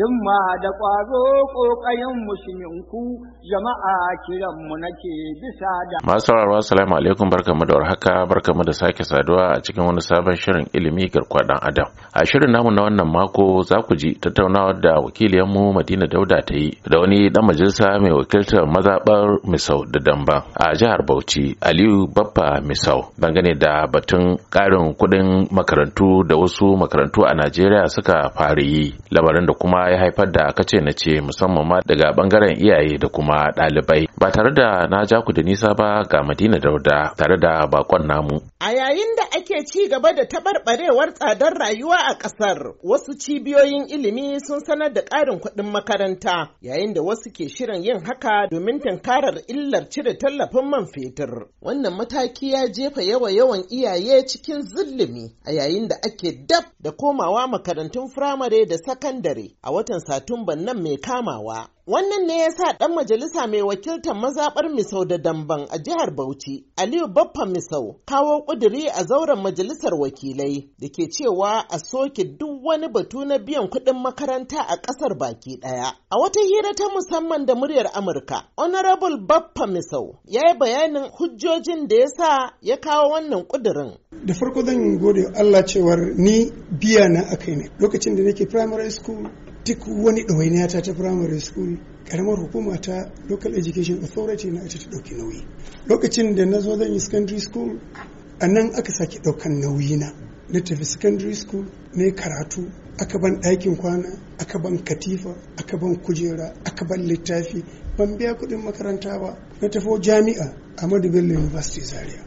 himma da ƙwazo ƙayan musulminku jama'a kiranmu mu nake bisa da masu sauraro assalamu alaikum barkamu da warhaka barkamu da sake saduwa a cikin wani sabon shirin ilimi garkuwa dan adam a shirin namu na wannan mako za ku ji tattaunawar da wakiliyar mu Madina Dauda ta yi da wani ɗan majalisa mai wakiltar mazaɓar Misau da Damba a jihar Bauchi Aliyu Baffa Misau dangane da batun ƙarin kuɗin makarantu da wasu makarantu a Najeriya suka fara yi lamarin da kuma ya haifar da kace na ce musamman ma daga bangaren iyaye da kuma ɗalibai ba tare da na ja ku da nisa ba ga madina dauda tare da bakon namu a yayin da ake ci gaba da taɓarɓarewar tsadar rayuwa a ƙasar wasu cibiyoyin ilimi sun sanar da ƙarin kuɗin makaranta yayin da wasu ke shirin yin haka domin tunkarar illar cire tallafin man fetur wannan mataki ya jefa yawa yawan iyaye cikin zillimi a yayin da ake dab da komawa makarantun firamare da sakandare a a watan Satumban nan mai kamawa. Wannan ne ya sa ɗan majalisa mai wakiltar mazaɓar Misau da Damban a jihar Bauchi, Aliyu Baffa Misau, kawo ƙuduri a zauren majalisar wakilai da ke cewa a soke duk wani batu na biyan kuɗin makaranta a ƙasar baki ɗaya. A wata hira ta musamman da muryar Amurka, Honorable Baffa Misau ya yi bayanin hujjojin da ya sa ya kawo wannan ƙudurin. Da farko zan gode Allah cewar ni biya na akai ne lokacin da nake primary school duk wani ɗawainiya ta ta primary school lokacin karamar hukuma ta local education authority na ita ta ɗauki nauyi lokacin da na zo zan yi secondary school a nan aka sake ɗaukan nauyi na na tafi secondary school na karatu aka ban ɗakin kwana aka ban katifa aka ban kujera aka ban littafi ban biya kuɗin makaranta ba na tafi jami'a a bello university zaria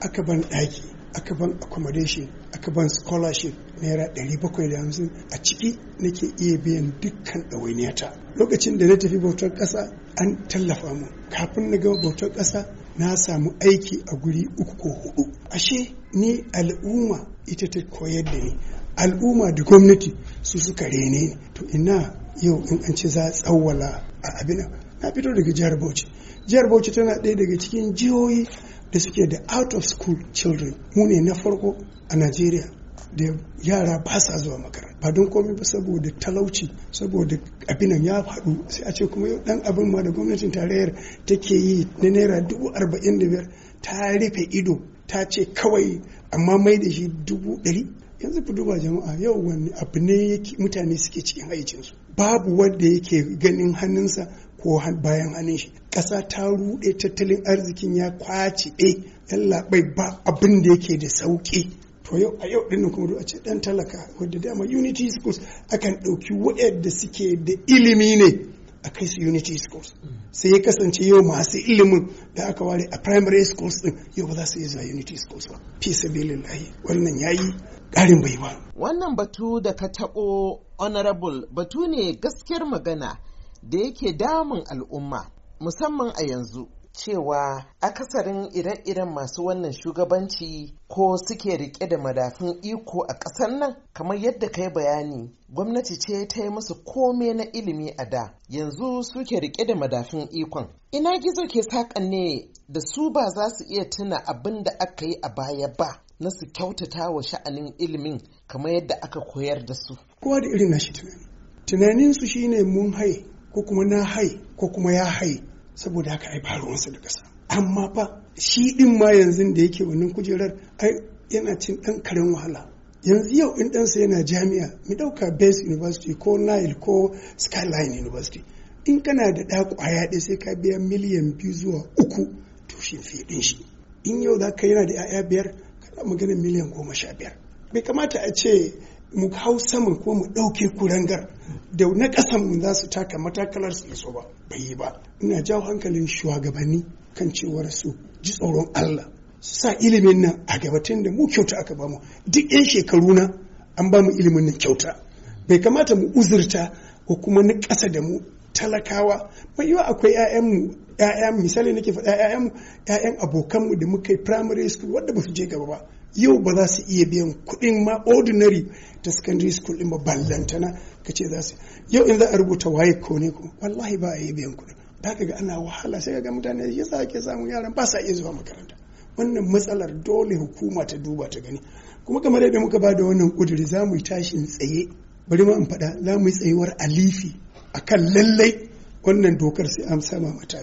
aka ban ɗaki aka ban accommodation aka ban scholarship naira 750 a ciki nake iya biyan dukkan ɗawainiyata lokacin da na tafi bautar ƙasa an tallafa mu kafin na gama bautar ƙasa na samu aiki a guri uku ko hudu ashe ni al'umma ita ta koyar da ni al'umma da gwamnati su suka rene to ina yau in an ce za a tsawwala a abin na fito daga jihar bauchi jihar bauchi tana ɗaya daga cikin jihohi da suke da out of school children mu ne na farko a najeriya da yara ba sa zuwa makaranta ba don komai ba saboda talauci saboda abinan ya faɗu sai a ce kuma yau dan abin ma da gwamnatin tarayyar take yi na naira dubu arba'in da biyar ta rufe ido ta ce kawai amma mai da shi dubu ɗari yanzu ku duba jama'a yau wani abu ne mutane suke cikin haicinsu babu wanda yake ganin hannunsa ko bayan hannun shi ƙasa ta ruɗe tattalin arzikin ya kwace ɗe eh, yallaɓai ba abin da yake da sauƙi to yau a yau ɗin kuma a ce ɗan talaka wadda dama unity schools akan ɗauki waɗanda suke da ilimi ne a kai su unity schools sai ya kasance yau masu ilimin da aka ware a primary schools ɗin yau ba za su iya zuwa unity schools ba fi sabilillahi wannan yi ƙarin bai baiwa wannan batu da ka taɓo honorable batu ne gaskiyar magana da yake damun al'umma musamman a yanzu cewa akasarin ire-iren masu wannan shugabanci ko suke rike da madafin iko a ƙasar nan kamar yadda ka yi bayani gwamnati ce ta yi musu kome na ilimi a da yanzu suke rike da madafin ikon ina gizo ke saƙan ne da su ba za su iya tuna abin da aka yi a baya ba na su kyautata wa sha'anin ilimin kamar yadda aka koyar da su kowa da irin nashi tunani tunaninsu shine mun hai ko kuma na hai ko kuma ya hai saboda haka ai ruwan sa da ƙasa amma fa shi din ma yanzu da yake wannan kujerar ai yana cin ɗan karen wahala yanzu yau in ɗansa yana jami'a mu ɗauka base university ko nile ko skyline university in kana da ɗa ƙwaya ɗaya sai ka biya miliyan biyu zuwa uku to shi fi ɗin shi in yau za ka yana da 'ya'ya biyar ka magana miliyan goma sha biyar bai kamata a ce mu hau saman ko mu ɗauke kurangar da na ƙasan mu za su taka matakalar su iso ba bai yi ba ina jawo hankalin shugabanni kan cewar su ji tsoron Allah su sa ilimin nan a gabatin da mu kyauta aka bamu duk 'yan shekaru na an bamu ilimin nan kyauta bai kamata mu uzurta ko kuma na ƙasa da mu talakawa mai yiwa akwai 'ya'yanmu ya'ya misali nake faɗa 'ya'yanmu 'ya'yan abokanmu da muka yi primary school wanda ba su je gaba ba yau ba za su iya biyan kuɗin ma ordinary ta secondary school ɗin ba ballantana ka ce za su yau in za a rubuta waye ko ne ko wallahi ba a iya biyan kuɗin Ba ka ga ana wahala sai ga mutane ya sa ake samun yaran ba sa iya zuwa makaranta wannan matsalar dole hukuma ta duba ta gani kuma kamar yadda muka ba da wannan kuduri za mu yi tashin tsaye bari ma in faɗa za mu yi tsayuwar alifi akan lallai wannan dokar sai an sama mata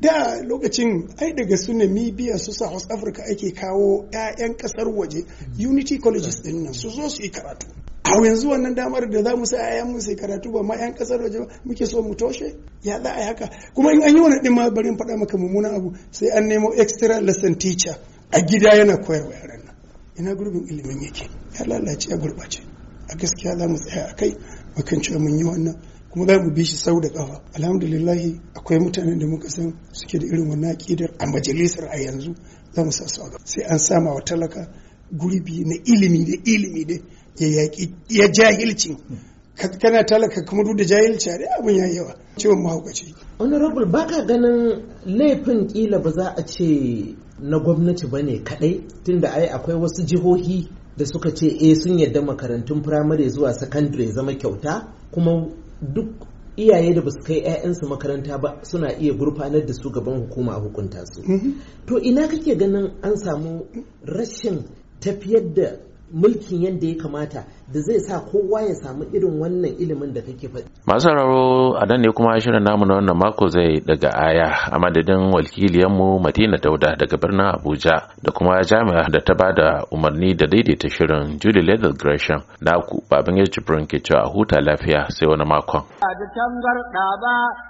da lokacin ai daga su namibia su south africa ake kawo 'ya'yan kasar waje unity colleges din nan su zo su yi karatu a yanzu wannan damar da za mu sa 'ya'yan mu sai karatu ba ma 'yan kasar waje ba muke so mu toshe ya za a haka kuma in an yi wani din ma bari in faɗa maka mummunan abu sai an nemo extra lesson teacher a gida yana koyarwa yaran nan ina gurbin ilimin yake ya lalace ya gurbace a gaskiya za mu tsaya a kai bakan cewa mun yi wannan kuma za mu bi shi sau da ƙafa alhamdulillahi akwai mutanen da muka san suke da irin wannan aƙidar a majalisar a yanzu za mu sasu sai an sama wa talaka gurbi na ilimi da ilimi da ya yaƙi ya jahilcin kana talaka kuma duk da jahilci a abun ya yawa ciwon mahaukaci honorable baka ganin laifin kila ba za a ce na gwamnati ba ne kadai tunda ai akwai wasu jihohi da suka ce eh sun yarda makarantun firamare zuwa sakandare zama kyauta kuma duk iyaye da basu kai 'ya'yansu makaranta ba suna iya gurfanar da su gaban hukuma a hukunta su mhm. to ina kake ganin an samu rashin tafiyar da mulkin yadda ya kamata da zai sa kowa ya samu irin wannan ilimin da kake faɗi. Masu sauraro a nan ne kuma shirin namu na wannan mako zai daga aya a madadin wakiliyanmu Madina Dauda daga birnin Abuja da kuma jami'a da ta bada umarni da daidaita shirin Julie Leather Gresham na ku babin yajibirin ke cewa huta lafiya sai wani makon. Da tangar ɗaba.